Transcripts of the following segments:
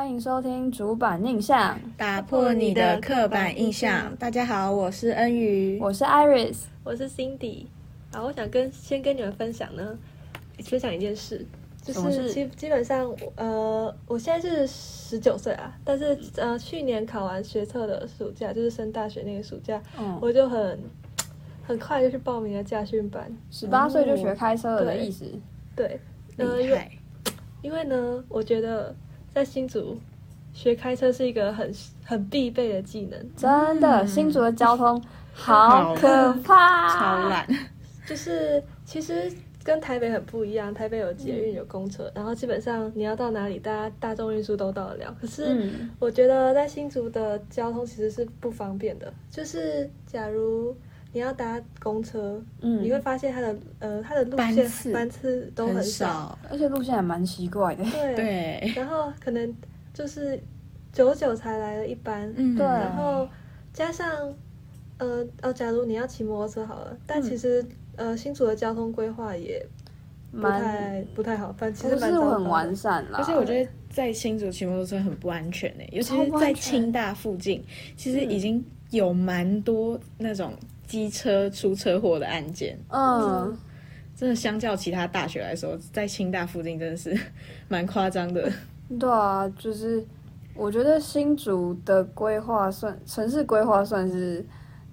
歡迎收聽《主板印象》，打破你的刻板印象。印象嗯、大家好，我是恩宇，我是 Iris，我是 Cindy。好，我想跟先跟你們分享呢，分享一件事，就是基基本上，呃，我現在是十九歲啊，但是呃，去年考完學測的暑假，就是升大學那個暑假，嗯、我就很很快就去報名了駕訓班。十、嗯、八歲就學開車了的意思？對，對呃、因為因為呢，我覺得。在新竹，學開車是一個很很必備的技能。真的，嗯、新竹的交通好可、好可怕，超懶。就是其實跟台北很不一樣。台北有捷運、嗯、有公車，然後基本上你要到哪裡，大家大眾運輸都到得了。可是我覺得在新竹的交通其實是不方便的，就是假如。你要搭公車，嗯，你會發現它的呃，它的路線、班次，班次都很少，很少，而且路線還蠻奇怪的對。對，然後可能就是久久才來了一班嗯，嗯，對。然後加上呃，哦、呃，假如你要騎摩托車好了，嗯、但其實呃，新竹的交通規劃也不太不太好，但其實不是很完善啦。而且我覺得在新竹騎摩托車很不安全呢、欸，尤其是在清大附近，其實已經有蠻多那種。機車出車禍的案件，嗯，真的相較其他大學來說，在清大附近真的是蠻誇張的。對啊，就是我覺得新竹的規劃算城市規劃算是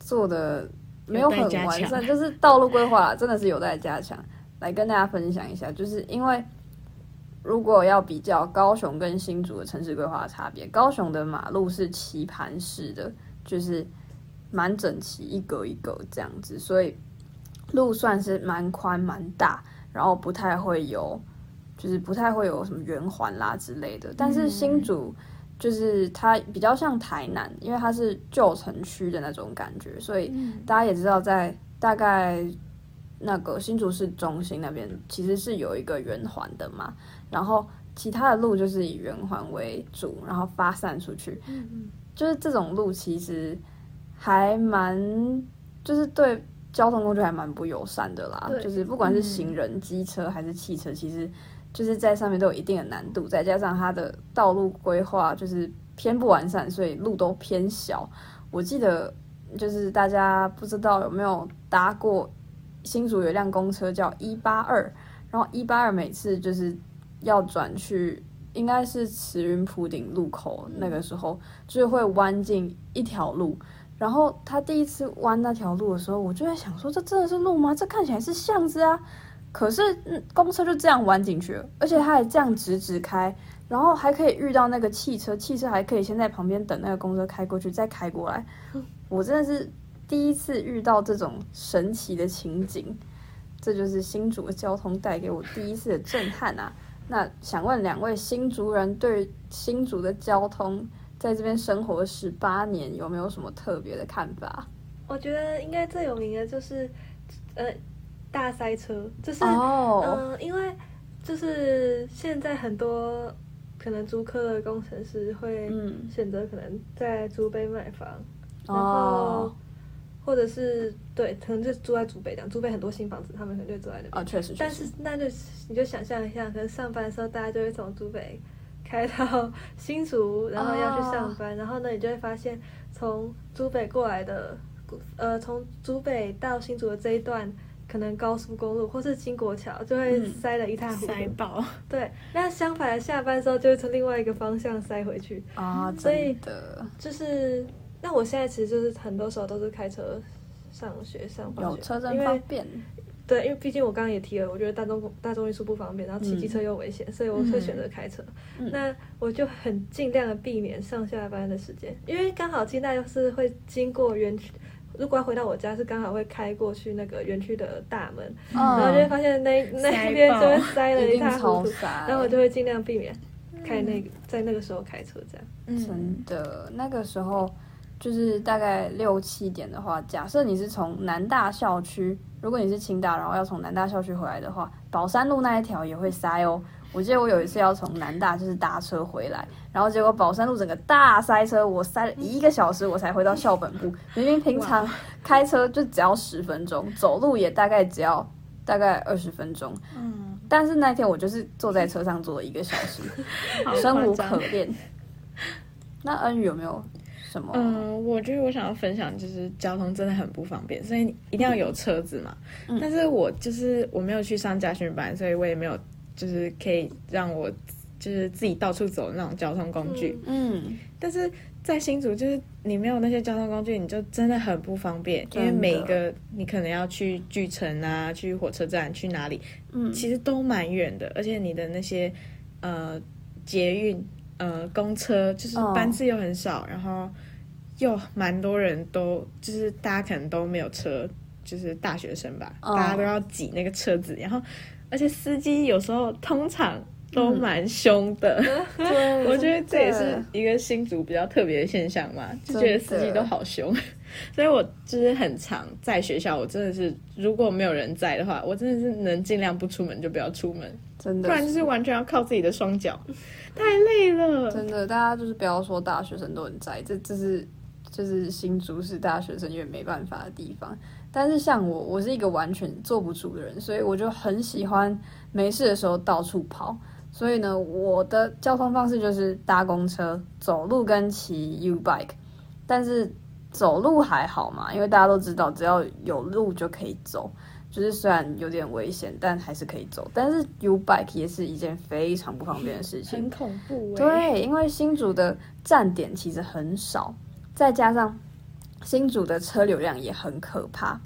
做的沒有很完善，就是道路規劃啊，真的是有待加強。來跟大家分享一下，就是因為如果要比較高雄跟新竹的城市規劃差別，高雄的馬路是棋盤式的，就是。蠻整齊，一格一格這樣子，所以路算是蠻寬蠻大，然後不太會有，就是不太會有什麼圓環啦之類的。但是新竹就是它比較像台南，因為它是舊城區的那種感覺，所以大家也知道，在大概那個新竹市中心那邊其實是有一個圓環的嘛，然後其他的路就是以圓環為主，然後發散出去，就是這種路其實。還蠻就是對交通工具還蠻不友善的啦，就是不管是行人、機車、嗯還是汽車，其實就是在上面都有一定的難度。再加上它的道路規劃就是偏不完善，所以路都偏小。我記得就是大家不知道有沒有搭過新竹有一輛公車叫一八二，然後一八二每次就是要轉去應該是慈雲埔頂路口，嗯，那個時候就是會彎進一條路。然後他第一次彎那條路的時候，我就在想說，這真的是路嗎？這看起來是巷子啊，可是公車就這樣彎進去了，而且他還這樣直直開，然後還可以遇到那個汽車，汽車還可以先在旁邊等那個公車開過去，再開過來。我真的是第一次遇到這種神奇的情景，這就是新竹的交通帶給我第一次的震撼啊！那想問兩位新竹人，對新竹的交通，在這邊生活十八年，有沒有什麼特別的看法？我覺得應該最有名的就是，呃，大塞車，就是嗯、oh. 呃，因為就是現在很多可能租客的工程師會選擇可能在竹北買房，oh. 然後或者是對，可能就住在竹北這樣。竹北很多新房子，他們可能就住在那邊。確、oh, 實，但是那就你就想象一下，可能上班的時候大家就會從竹北。開到新竹，然後要去上班，oh. 然後呢，你就會發現，從竹北過來的，呃，從竹北到新竹的這一段，可能高速公路或是經國橋就會塞得一塌糊塗，塞爆。對，那相反的，下班的時候就會從另外一個方向塞回去。啊、oh，對的就是，那我現在其實就是很多時候都是開車上學、上班，有車真方便。因為對，因為畢竟我剛剛也提了，我覺得大眾大眾運輸不方便，然後騎機車又危險，嗯，所以我會選擇開車，嗯。那我就很盡量的避免上下班的時間，嗯，因為剛好現在又是會經過園區，如果要回到我家是剛好會開過去那個園區的大門，嗯、然後就會發現那那一邊就會塞了一塌糊塗，然後我就會盡量避免開那個、嗯、在那個時候開車這樣。嗯、真的那個時候。就是大概六七點的話，假設你是從南大校區，如果你是清大，然後要從南大校區回來的話，寶山路那一條也會塞哦。我記得我有一次要從南大就是搭車回來，然後結果寶山路整個大塞車，我塞了一個小時，我才回到校本部。明明平常開車就只要十分鐘，走路也大概只要大概二十分鐘。嗯，但是那天我就是坐在車上坐了一個小時， 生無可戀。 那恩宇有沒有？啊、嗯，我覺得我想要分享就是交通真的很不方便，所以一定要有車子嘛。嗯、但是我就是我沒有去上駕訓班，所以我也沒有就是可以讓我就是自己到處走那種交通工具嗯。嗯，但是在新竹就是你沒有那些交通工具，你就真的很不方便、嗯，因為每一個你可能要去巨城啊、去火車站、去哪裡，嗯，其實都蠻遠的，而且你的那些呃捷運、呃，呃公車就是班次又很少，哦、然後。又蠻多人都就是大家可能都沒有車，就是大學生吧，oh. 大家都要擠那個車子，然後而且司機有時候通常都蠻凶的，嗯、 的，我覺得這也是一個新竹比較特別的現象嘛，就覺得司機都好凶，所以我就是很常在學校，我真的是如果沒有人在的話，我真的是能尽量不出門就不要出門，真的，不然就是完全要靠自己的雙腳，太累了，真的，大家就是不要說大學生都很宅，這這、就是。就是新竹是大學生因為沒辦法的地方，但是像我，我是一個完全坐不住的人，所以我就很喜歡沒事的時候到處跑。所以呢，我的交通方式就是搭公車、走路跟騎 U bike。但是走路還好嘛，因為大家都知道，只要有路就可以走，就是雖然有點危險，但還是可以走。但是 U bike 也是一件非常不方便的事情，很恐怖欸。對，因為新竹的站點其實很少。再加上新竹的車流量也很可怕，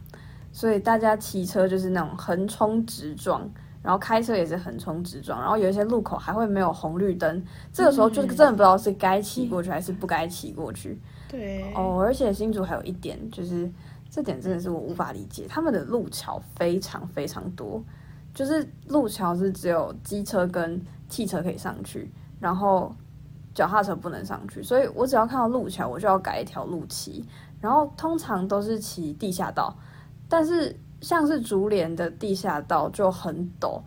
所以大家騎車就是那種橫衝直撞，然後開車也是橫衝直撞，然後有一些路口還會沒有紅綠燈，這個時候就真的不知道是該騎過去還是不該騎過去。嗯、對哦，而且新竹還有一點就是，這點真的是我無法理解，他們的路橋非常非常多，就是路橋是只有機車跟汽車可以上去，然後。腳踏車不能上去，所以我只要看到陸橋，我就要改一條路騎。然後通常都是騎地下道，但是像是竹蓮的地下道就很陡，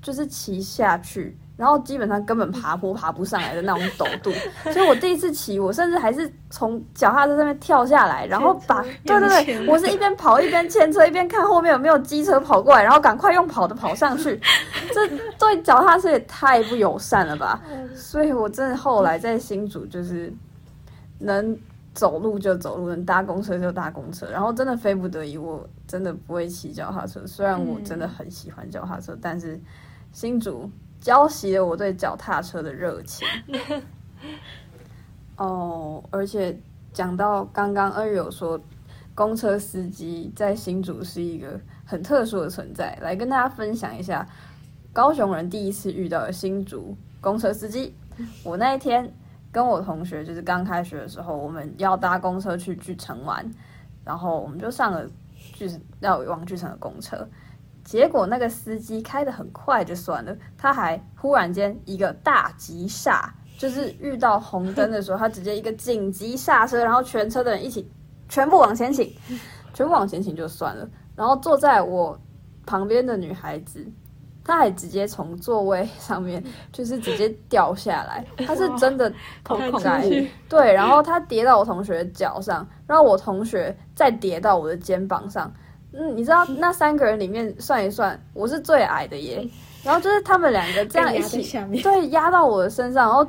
就是騎下去。然後基本上根本爬坡爬不上來的那種陡度， 所以我第一次騎我，我甚至還是從腳踏車上面跳下來，然後把對對對，對，我是一邊跑一邊牽車，一邊看後面有沒有機車跑過來，然後趕快用跑的跑上去。 這對腳踏車也太不友善了吧！ 所以我真的後來在新竹就是能走路就走路，能搭公車就搭公車，然後真的非不得已，我真的不會騎腳踏車。雖然我真的很喜歡腳踏車，嗯、但是新竹。澆熄了我對腳踏車的熱情。哦、 oh,，而且講到剛剛二友有說，公車司機在新竹是一個很特殊的存在，來跟大家分享一下，高雄人第一次遇到的新竹公車司機。 我那一天跟我同學就是剛開學的時候，我們要搭公車去巨城玩，然後我們就上了巨，要往巨城的公車。結果那個司機開的很快就算了，他還忽然間一個大急剎，就是遇到紅燈的時候，他直接一個緊急剎車，然後全車的人一起全部往前傾，全部往前傾就算了。然後坐在我旁邊的女孩子，她還直接從座位上面就是直接掉下來，她是真的頭碰下去。對，然後她跌到我同學的腳上，然後我同學再跌到我的肩膀上。嗯，你知道那三個人裡面算一算，我是最矮的耶。嗯、然後就是他們兩個這樣一起，下對，壓到我的身上。然後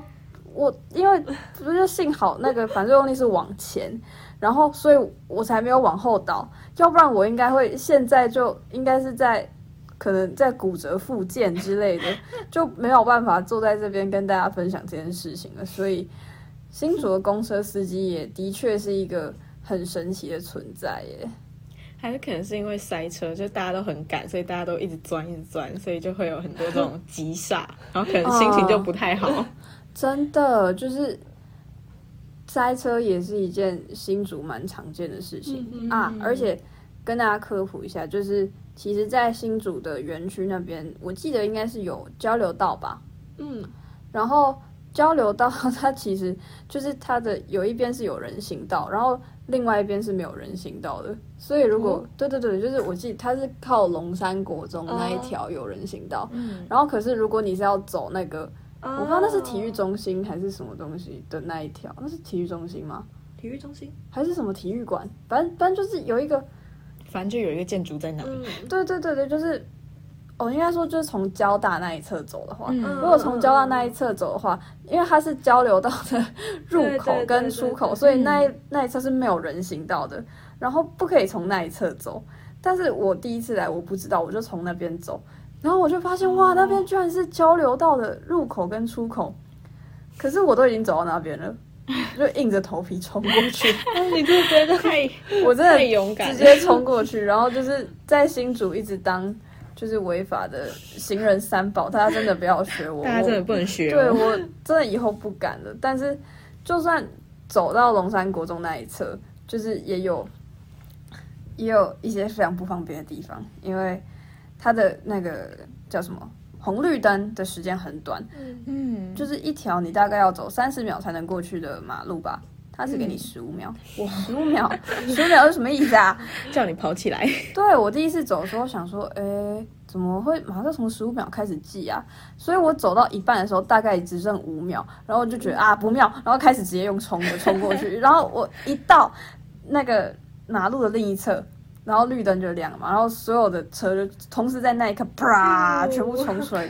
我因為不是幸好那個反作用力是往前， 然後所以我才沒有往後倒。要不然我應該會現在就應該是在可能在骨折復健之類的，就沒有辦法坐在這邊跟大家分享這件事情了。所以新竹的公車司機也的確是一個很神奇的存在耶。還是可能是因為塞車，就大家都很趕，所以大家都一直鑽，一直鑽，所以就會有很多這種急煞，然後可能心情就不太好。呃，真的，就是塞車也是一件新竹蠻常見的事情。嗯嗯嗯。啊！而且跟大家科普一下，就是其實，在新竹的園區那邊，我記得應該是有交流道吧？嗯，然後交流道它其實就是它的有一邊是有人行道，然後另外一邊是沒有人行道的，所以如果、嗯、對對對，就是我記得，它是靠龍山國中那一條有人行道，嗯，然後可是如果你是要走那個，嗯、我不知道那是體育中心還是什麼東西的那一條，那是體育中心嗎？體育中心還是什麼體育館？反正反正就是有一個，反正就有一個建築在那裡、嗯。對對對對，就是。我、哦、應該說，就是從交大那一側走的話，嗯、如果從交大那一側走的話、嗯，因為它是交流道的入口跟出口，對對對對，所以那一、嗯、那一側是沒有人行道的，然後不可以從那一側走。但是我第一次來，我不知道，我就從那邊走，然後我就發現、哦、哇，那邊居然是交流道的入口跟出口，可是，我都已經走到那邊了，就硬着頭皮衝過去。 但是你就覺得太，我真的很勇敢，直接衝過去，然後就是在新竹一直當。就是違法的行人三寶，大家真的不要學我。我，大家真的不能學喔。對，我真的以後不敢了。但是，就算走到龍山國中那一側，就是也有也有一些非常不方便的地方，因為它的那個叫什麼紅綠燈的時間很短。嗯嗯，就是一條你大概要走三十秒才能過去的馬路吧。他只給你十五秒，我十五秒，十五秒是什麼意思啊？叫你跑起來。對，對我第一次走的時候，想說，哎、欸，怎麼會馬上從十五秒開始計啊？所以我走到一半的時候，大概只剩五秒，然後就覺得啊，不妙，然後開始直接用衝的衝過去。 然後我一到那個馬路的另一側，然後綠燈就亮了嘛，然後所有的車就同時在那一刻啪，全部衝出來。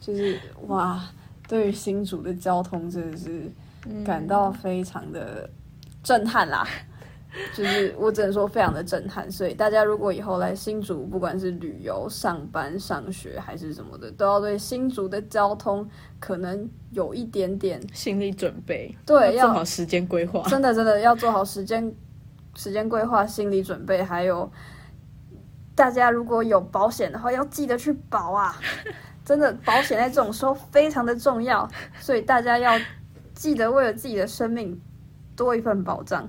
就是哇，對於新竹的交通真的是。感到非常的震撼啦，就是我只能說非常的震撼。所以大家如果以後來新竹，不管是旅遊、上班、上學還是什麼的，都要對新竹的交通可能有一點點心理準備。對，要做好時間規劃。真的真的要做好時間時間規劃、心理準備，還有大家如果有保險的話，要記得去保啊！真的保險在這種時候非常的重要，所以大家要。記得為了自己的生命多一份保障。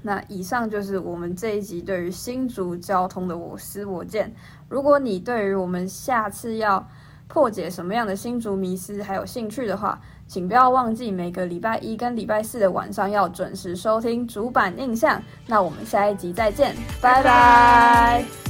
那以上就是我們這一集對於新竹交通的我思我見。如果你對於我們下次要破解什麼樣的新竹迷思還有興趣的話，請不要忘記每個禮拜一跟禮拜四的晚上要準時收聽主板印象。那我們下一集再見，拜拜。拜拜。